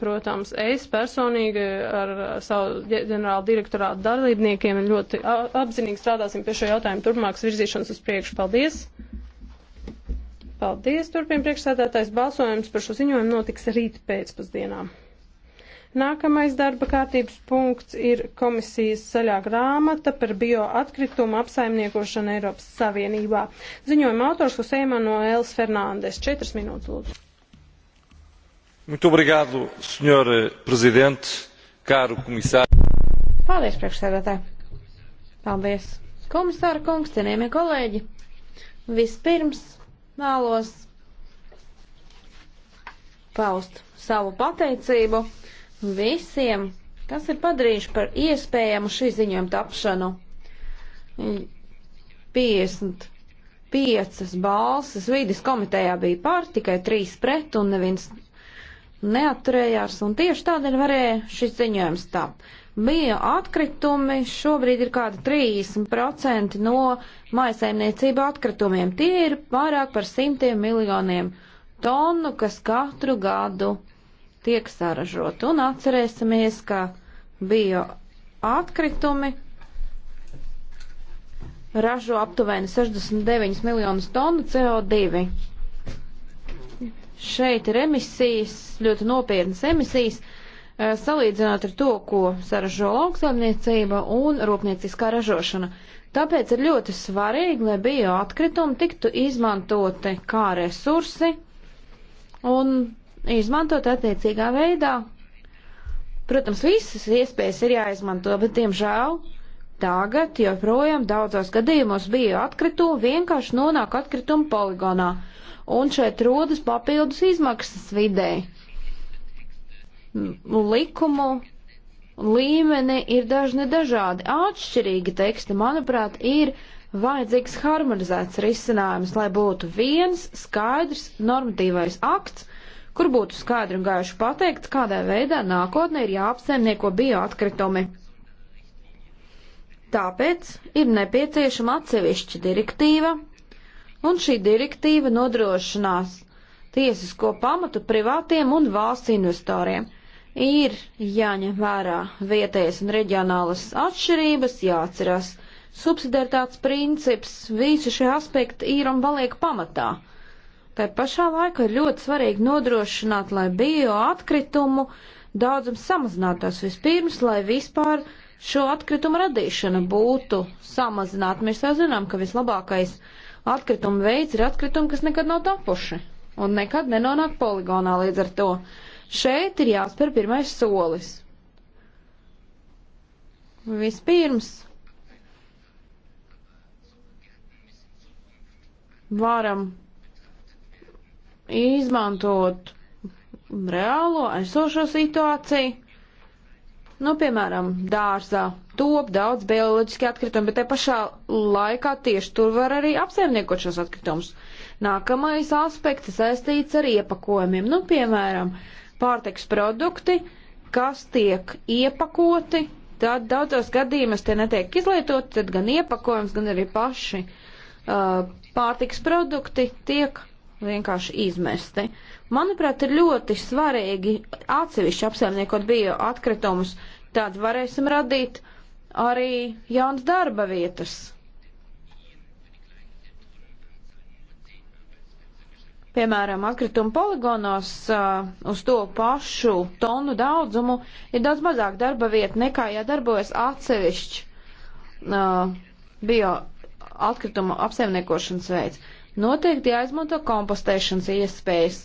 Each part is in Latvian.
Protams, es personīgi ar savu ģenerālu direktorātu dalībniekiem ļoti apzinīgi strādāsim pie šo jautājumu turpmākas virzīšanas uz priekšu. Paldies! Paldies! Turpin priekšsēdētājs balsojums par šo ziņojumu notiks rīt pēcpusdienā. Nākamais darba kārtības punkts ir komisijas saļā grāmata par bioatkritumu apsaimniekošanu Eiropas Savienībā. Ziņojuma autors Husēma Noēls Fernandes. Četras minūtes lūdzu. Muito obrigado, Sr. Eh, presidente, caro komisār. Paldies, priekšsēdētāji. Paldies. Komisāra kungs, cienījamie kolēģi. Vispirms vēlos paust savu pateicību visiem, kas ir padarījuši par iespējamu šī ziņojuma tapšanu. 55 balsis vīdes komitejā bija pār, tikai 3 pret un neviens neatturējās, un tieši tādēļ varēja šis ziņojums tapt. Bija atkritumi, šobrīd ir kāda 30% no maisaimniecība atkritumiem. Tie ir vairāk par simtiem miljoniem tonu, kas katru gadu tiek saražot. Un atcerēsimies, ka bija atkritumi, ražo aptuveni 69 miljonus tonu CO2. Šeit ir emisijas, ļoti nopietnas emisijas, eh, salīdzinot ar to, ko saražo lauksaimniecība un rūpnieciskā ražošana. Tāpēc ir ļoti svarīgi, lai bioatkritumi tiktu izmantoti kā resursi un izmantot attiecīgā veidā. Protams, visas iespējas ir jāizmanto, bet, diemžēl, tagad joprojām daudzos gadījumos bioatkritumi vienkārši nonāk atkritumu poligonā un šeit rodas papildus izmaksas vidē. Likumu līmeni ir dažni dažādi. Atšķirīgi teksti, manuprāt, ir vajadzīgs harmonizēts risinājums, lai būtu viens skaidrs normatīvais akts, kur būtu skaidri un gaiši pateikts, kādā veidā nākotnē ir jāapsaimnieko bioatkritumi. Tāpēc ir nepieciešama atsevišķa direktīva, un šī direktīva nodrošinās tiesisko pamatu privātiem un valsts investoriem. Ir jāņem vērā vietējas un reģionālas atšķirības, jāatcerās subsidiaritātes princips, visi šie aspekti ir un paliek pamatā. Tā pašā laikā ir ļoti svarīgi nodrošināt, lai bio atkritumu daudzums samazinātos vispirms, lai vispār šo atkritumu radīšana būtu samazināta. Mēs jau zinām, ka vislabākais uh, Atkrituma veids ir atkritumi, kas nekad nav tapuši un nekad nenonāk poligonā līdz ar to. Šeit ir jāspēr pirmais solis. Vispirms varam izmantot reālo esošo situāciju Nu, piemēram, dārzā top daudz bioloģiski atkritumi, bet te pašā laikā tieši tur var arī apsaimniekot šos atkritumus. Nākamais aspekts saistīts ar iepakojumiem. Nu, piemēram, pārtiks produkti, kas tiek iepakoti, tad daudzos gadījumos tie netiek izlietoti, tad gan iepakojums, gan arī paši uh, pārtiks produkti tiek vienkārši izmesti. Manuprāt, ir ļoti svarīgi atsevišķi apsaimniekot bio atkritumus, tad varēsim radīt arī jaunas darba vietas. Piemēram, atkrituma poligonos uh, uz to pašu tonu daudzumu ir daudz mazāk darba vieta nekā, ja darbojas atsevišķi uh, bio atkrituma apsaimniekošanas veids noteikti jāizmanto kompostēšanas iespējas.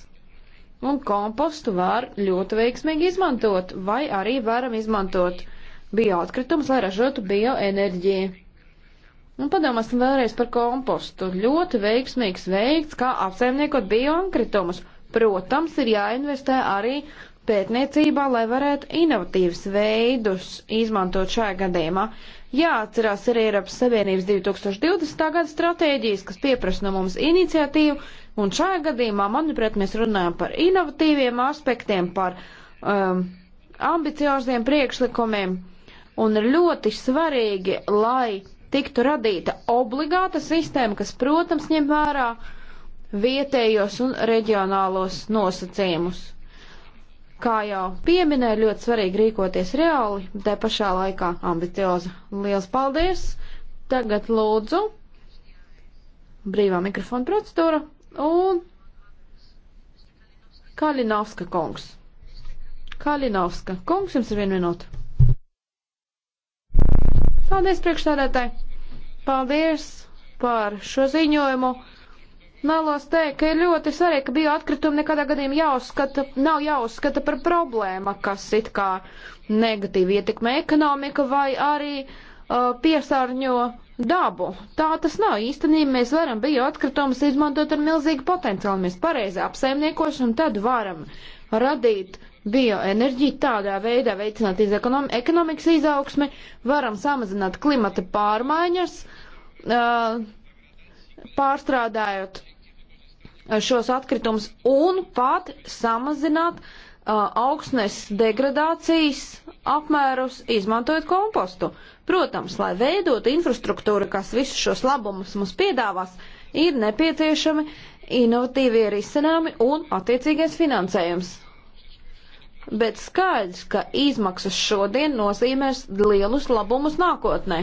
Un kompostu var ļoti veiksmīgi izmantot, vai arī varam izmantot bioatkritumus, lai ražotu bioenerģiju. Un padomāsim vēlreiz par kompostu. Ļoti veiksmīgs veids, kā apsaimniekot bioatkritumus. Protams, ir jāinvestē arī pētniecībā, lai varētu inovatīvus veidus izmantot šajā gadījumā jāatcerās arī Eiropas Savienības 2020. gada stratēģijas, kas pieprasa no mums iniciatīvu, un šajā gadījumā, manuprāt, mēs runājam par inovatīviem aspektiem, par um, ambicioziem priekšlikumiem, un ir ļoti svarīgi, lai tiktu radīta obligāta sistēma, kas, protams, ņem vērā vietējos un reģionālos nosacījumus. Kā jau pieminēju, ļoti svarīgi rīkoties reāli, te pašā laikā ambiciozi. Lielas paldies! Tagad lūdzu brīvā mikrofona procedūra un Kalinovska kungs. Kalinovska kungs, jums ir viena minūte. Paldies priekšstādētāji! Paldies par šo ziņojumu! Vēlos teikt, ka ir ļoti svarīgi, ka bioatkritumi nekādā gadījumā jāuzskata, nav jāuzskata par problēma, kas it kā negatīvi ietekmē ekonomiku vai arī uh, piesārņo dabu. Tā tas nav. Īstenībā mēs varam bioatkritumus izmantot ar milzīgu potenciālu. Mēs pareizi apsaimniekošam, tad varam radīt bioenerģiju tādā veidā, veicināt ekonom ekonomikas izaugsmi, varam samazināt klimata pārmaiņas, uh, pārstrādājot Eh, šos atkritumus un pat samazināt uh, augsnes degradācijas apmērus, izmantojot kompostu. Protams, lai veidotu infrastruktūru, kas visus šos labumus mums piedāvās, ir nepieciešami inovatīvie risinājumi un attiecīgais finansējums. Bet skaidrs, ka izmaksas šodien nozīmēs lielus labumus nākotnē.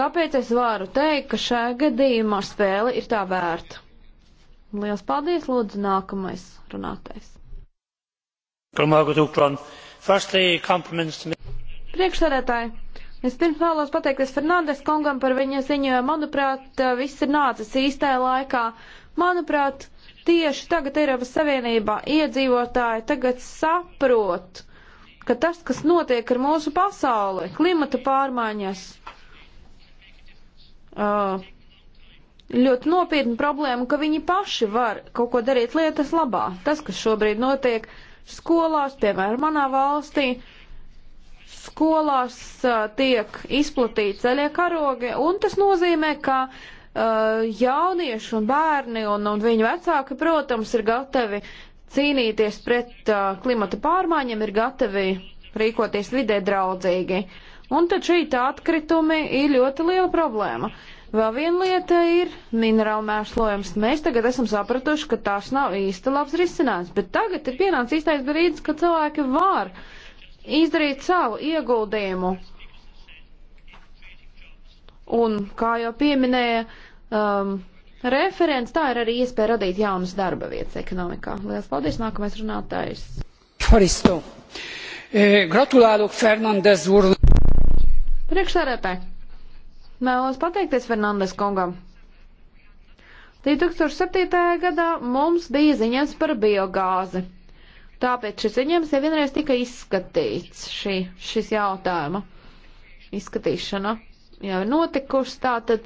Tāpēc es varu teikt, ka šajā gadījumā spēle ir tā vērta. Lielas paldies, lūdzu, nākamais runātais. Priekšsēdētāji, es pirms vēlos pateikties Fernandes kungam par viņa ziņojumu. Manuprāt, viss ir nācis īstajā laikā. Manuprāt, tieši tagad Eiropas Savienībā iedzīvotāji tagad saprot, ka tas, kas notiek ar mūsu pasauli, klimata pārmaiņas, uh, ļoti nopietnu problēmu, ka viņi paši var kaut ko darīt lietas labā. Tas, kas šobrīd notiek skolās, piemēram, manā valstī, skolās uh, tiek izplatīti ceļie karogi, un tas nozīmē, ka uh, jaunieši un bērni un, un viņu vecāki, protams, ir gatavi cīnīties pret uh, klimata pārmaiņām, ir gatavi rīkoties vidē draudzīgi. Un tad šī tā atkritumi ir ļoti liela problēma. Uh, Vēl viena lieta ir minerāla mēslojums. Mēs tagad esam sapratuši, ka tas nav īsti labs risinājums, bet tagad ir pienācis īstais brīdis, ka cilvēki var izdarīt savu ieguldījumu. Un, kā jau pieminēja um, referents, tā ir arī iespēja radīt jaunas darba vietas ekonomikā. Lielas paldies, nākamais runātājs. Faristo. E, eh, gratulálok Fernandez úr. Priekšsēdētāji. Mēlos pateikties Fernandes kungam. 2007. gadā mums bija ziņas par biogāzi. Tāpēc šis ziņojums jau vienreiz tika izskatīts, šī, šis jautājuma izskatīšana jau ir notikusi. Tātad,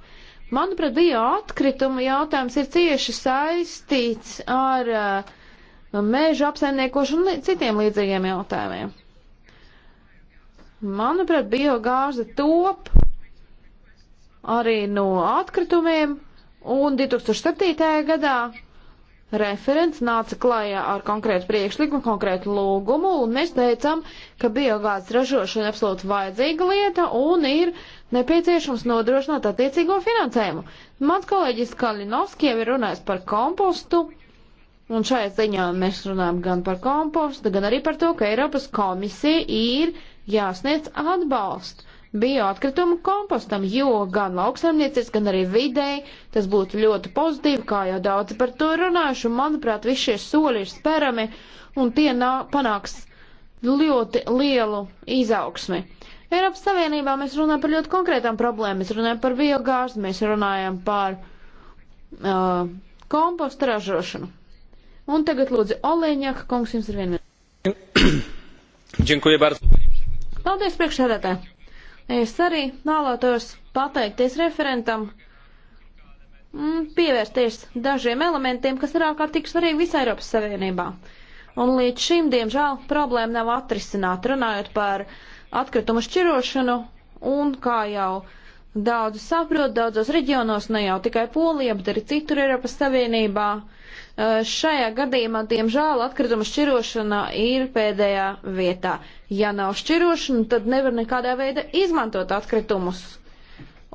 manuprāt, bija atkrituma jautājums ir cieši saistīts ar uh, mēžu apsaimniekošanu un citiem līdzīgiem jautājumiem. Manuprāt, biogāze top arī no atkritumiem, un 2007. gadā referents nāca klajā ar konkrētu priekšlikumu, konkrētu lūgumu, un mēs teicām, ka biogāzes ražošana ir absolūti vajadzīga lieta un ir nepieciešams nodrošināt attiecīgo finansējumu. Mans kolēģis Kalinovski jau ir runājis par kompostu, un šajā ziņā mēs runājam gan par kompostu, gan arī par to, ka Eiropas komisija ir jāsniedz atbalstu bioatkritumu kompostam, jo gan lauksaimniecis, gan arī videi tas būtu ļoti pozitīvi, kā jau daudzi par to runājuši, un manuprāt, visi šie soļi ir sperami, un tie nā, panāks ļoti lielu izaugsmi. Eiropas Savienībā mēs runājam par ļoti konkrētām problēmām, mēs runājam par biogāzi, mēs runājam par uh, kompostu ražošanu. Un tagad lūdzu Olēņaka, kungs jums ir vienmēr. Paldies priekšsēdētāji! Es arī vēlētos pateikties referentam, pievērsties dažiem elementiem, kas ir ārkārtīgi svarīgi visā Eiropas Savienībā. Un līdz šim, diemžēl, problēma nav atrisināta, runājot par atkritumu šķirošanu, un kā jau daudzi saprot, daudzos reģionos, ne jau tikai Polija, bet arī citur Eiropas Savienībā, Eh, šajā gadījumā, diemžēl, atkrituma šķirošana ir pēdējā vietā. Ja nav šķirošana, tad nevar nekādā veidā izmantot atkritumus.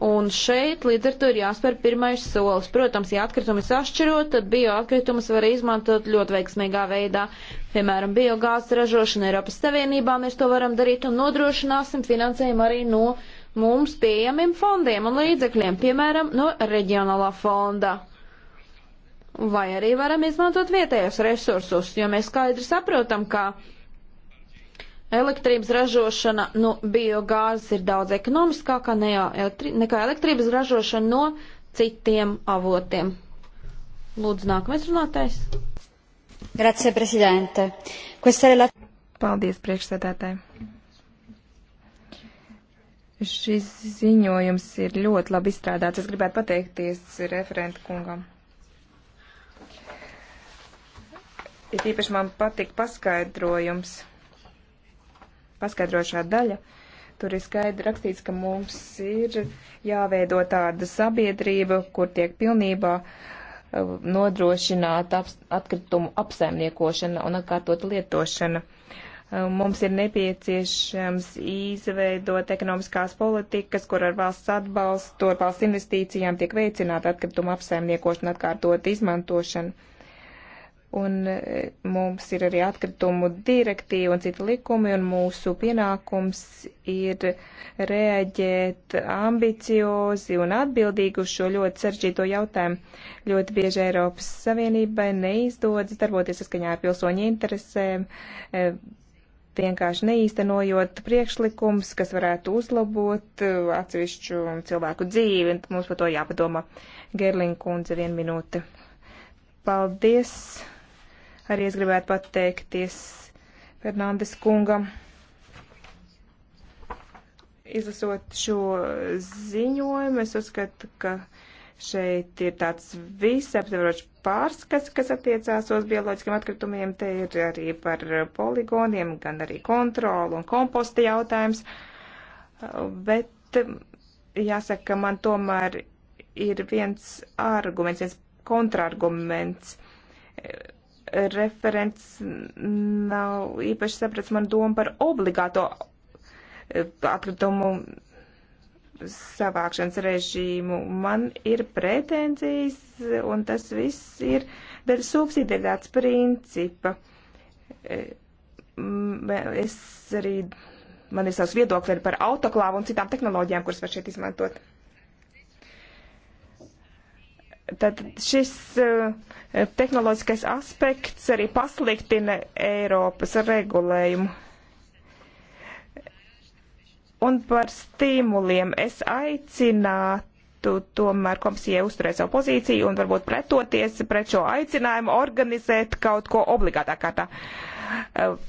Un šeit līdz ar to ir jāspēr pirmais solis. Protams, ja atkritumi sašķirot, tad bioatkritumus var izmantot ļoti veiksmīgā veidā. Piemēram, biogāzes ražošana Eiropas Savienībā mēs to varam darīt un nodrošināsim finansējumu arī no mums pieejamiem fondiem un līdzekļiem, piemēram, no reģionālā fonda vai arī varam izmantot vietējos resursus, jo mēs skaidri saprotam, ka elektrības ražošana no nu, biogāzes ir daudz ekonomiskākā ne elektri nekā elektrības ražošana no citiem avotiem. Lūdzu, nākamais runātais. Grazie, prezidente. Paldies, priekšsēdētāji. Šis ziņojums ir ļoti labi izstrādāts. Es gribētu pateikties referentu kungam. it īpaši man patika paskaidrojums, paskaidrošā daļa. Tur ir skaidri rakstīts, ka mums ir jāveido tāda sabiedrība, kur tiek pilnībā uh, nodrošināta atkritumu apsaimniekošana un atkārtota lietošana. Uh, mums ir nepieciešams izveidot ekonomiskās politikas, kur ar valsts atbalstu, ar valsts investīcijām tiek veicināta atkrituma apsaimniekošana, atkārtota izmantošana un e, mums ir arī atkritumu direktīva un citi likumi, un mūsu pienākums ir reaģēt ambiciozi un atbildīgi uz šo ļoti saržģīto jautājumu. Ļoti bieži Eiropas Savienībai neizdodas darboties saskaņā ar pilsoņu interesēm, e, vienkārši neīstenojot priekšlikums, kas varētu uzlabot e, atsevišķu cilvēku dzīvi, un mums par to jāpadoma. Gerlinga kundze, viena minūte. Paldies! Arī es gribētu pateikties Fernandes kungam. Izlasot šo ziņojumu, es uzskatu, ka šeit ir tāds visaptverošs pārskats, kas attiecās uz bioloģiskiem atkritumiem. Te ir arī par poligoniem, gan arī kontrolu un komposta jautājums. Bet jāsaka, man tomēr ir viens arguments, viens kontrarguments referents nav īpaši sapratis man domu par obligāto eh, atkritumu savākšanas režīmu. Man ir pretenzijas, un tas viss ir dēļ subsidiaritātes principa. Eh, es arī, man ir savs viedokļi par autoklāvu un citām tehnoloģijām, kuras var šeit izmantot. Tad šis eh, tehnoloģiskais aspekts arī pasliktina Eiropas regulējumu. Un par stimuliem es aicinātu tomēr komisijai uzturēt savu pozīciju un varbūt pretoties pret šo aicinājumu organizēt kaut ko obligātā kārtā. Eh,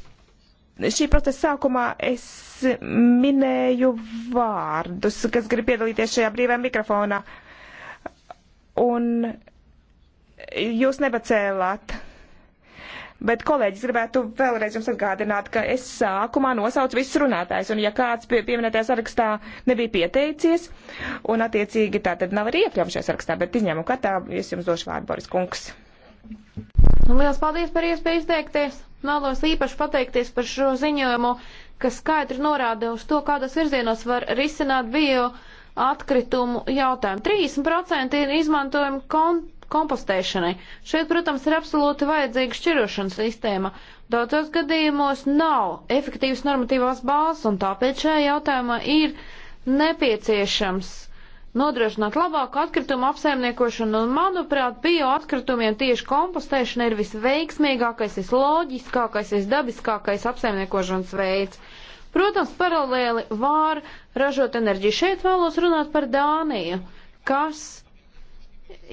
šī procesa sākumā es minēju vārdus, kas grib piedalīties šajā brīvajā mikrofonā. Uh, un jūs nepacēlāt. Bet, kolēģis, gribētu vēlreiz jums atgādināt, ka es sākumā nosaucu visus runātājus, un ja kāds pie, pieminētajā sarakstā nebija pieteicies, un attiecīgi tā tad nav arī iekļauts šajā sarakstā, bet izņēmu kārtā es jums došu vārdu, Boris Kungs. Nu, Lielas paldies par iespēju izteikties. Vēlos īpaši pateikties par šo ziņojumu, kas skaidri norāda uz to, kādas virzienos var risināt bio. Uh, atkritumu jautājumu. 30% ir izmantojami kon kompostēšanai. Šeit, protams, ir absolūti vajadzīga šķirošanas sistēma. Daudzos gadījumos nav efektīvas normatīvās bāzes, un tāpēc šajā jautājumā ir nepieciešams nodrošināt labāku atkritumu apsaimniekošanu, un, manuprāt, bioatkritumiem tieši kompostēšana ir visveiksmīgākais, visloģiskākais, visdabiskākais apsaimniekošanas veids. Protams, paralēli var ražot enerģiju. Šeit vēlos runāt par Dāniju, kas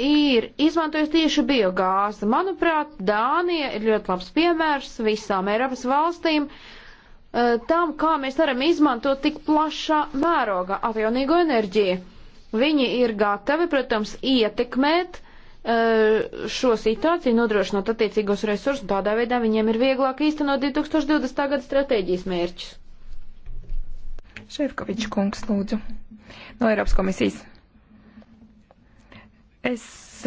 ir izmantojis tieši biogāzi. Manuprāt, Dānija ir ļoti labs piemērs visām Eiropas valstīm eh, tam, kā mēs varam izmantot tik plašā mērogā atjaunīgo enerģiju. Viņi ir gatavi, protams, ietekmēt eh, šo situāciju, nodrošinot attiecīgos resursus, un tādā veidā viņiem ir vieglāk īstenot 2020. gada stratēģijas mērķus. Šefkovičs kungs, lūdzu, no Eiropas komisijas. Es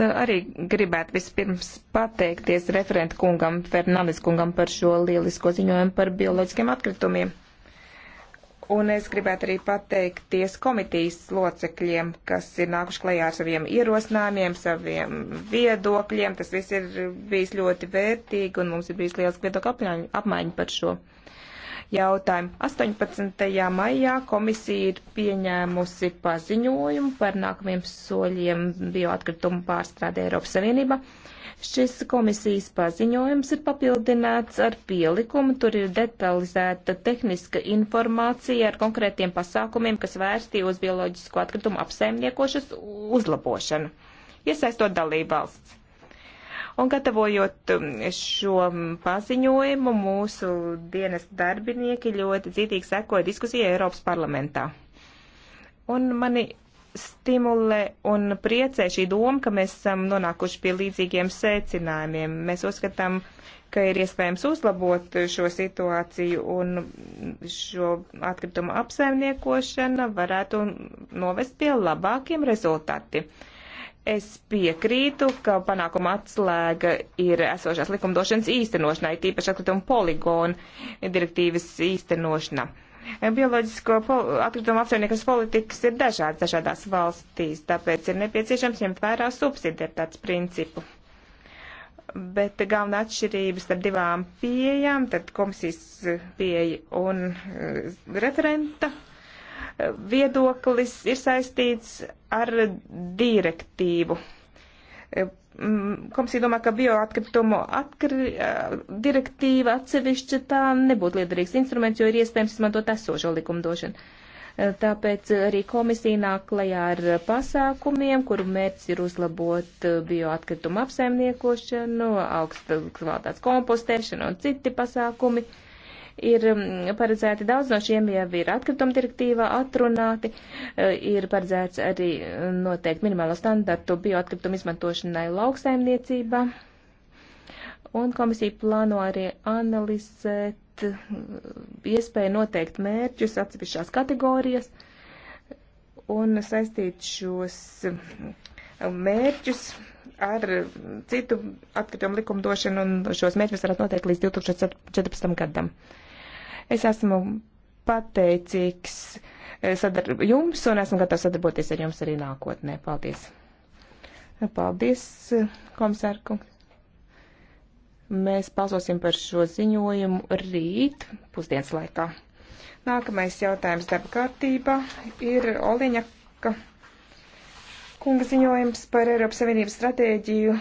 eh, arī gribētu vispirms pateikties referentu kungam, Fernandes kungam par šo lielisko ziņojumu par bioloģiskiem atkritumiem. Un es gribētu arī pateikties komitijas locekļiem, kas ir nākuši klajā ar saviem ierosinājumiem, saviem viedokļiem. Tas viss ir bijis ļoti vērtīgi un mums ir bijis liels viedokļu apmaiņa par šo jautājumu. 18. maijā komisija ir pieņēmusi paziņojumu par nākamajiem soļiem bioatkritumu pārstrādē Eiropas Savienībā. Šis komisijas paziņojums ir papildināts ar pielikumu. Tur ir detalizēta tehniska informācija ar konkrētiem pasākumiem, kas vērsti uz bioloģisko atkritumu apsaimniekošas uzlabošanu, iesaistot dalībvalsts. Un gatavojot um, šo paziņojumu, mūsu dienas darbinieki ļoti dzītīgi sekoja diskusijai Eiropas parlamentā. Un mani stimulē un priecē šī doma, ka mēs esam nonākuši pie līdzīgiem secinājumiem. Mēs uzskatām, ka ir iespējams uzlabot šo situāciju un šo atkritumu apsaimniekošana varētu novest pie labākiem rezultātiem. Es piekrītu, ka panākuma atslēga ir esošās likumdošanas īstenošanai, tīpaši atkrituma poligonu direktīvas īstenošana. Bioloģisko atkritumu apsaimniekas politikas ir dažādas dažādās valstīs, tāpēc ir nepieciešams ņemt vērā subsidiaritātes principu. Bet galvenā atšķirība starp divām pieejām, tad komisijas pieeja un eh, referenta viedoklis ir saistīts ar direktīvu. Mm, komisija domā, ka bioatkritumu atkri, eh, direktīva atsevišķi tā nebūtu liederīgs instruments, jo ir iespējams izmantot esošo likumdošanu. Eh, tāpēc arī komisija nāk klajā ar pasākumiem, kuru mērķis ir uzlabot eh, bioatkritumu apsaimniekošanu, augsta kvalitātes kompostēšanu un citi pasākumi. Uh, ir mm, paredzēti daudz no šiem jau ir atkrituma direktīvā atrunāti, e, ir paredzēts arī e, noteikti minimālo standartu bioatkritumu izmantošanai lauksaimniecībā. Un komisija plāno arī analizēt mm, iespēju noteikt mērķus atsevišķās kategorijas un saistīt šos mm, mērķus ar citu atkritumu likumdošanu, un šos mērķus varētu noteikt līdz 2014. gadam. Es esmu pateicīgs eh, sadar jums un esmu gatavs sadarboties ar jums arī nākotnē. Paldies! Paldies, komisārku! Mēs balsosim par šo ziņojumu rīt pusdienas laikā. Nākamais jautājums darba kārtībā ir Oliņaka kunga ziņojums par Eiropas Savienības stratēģiju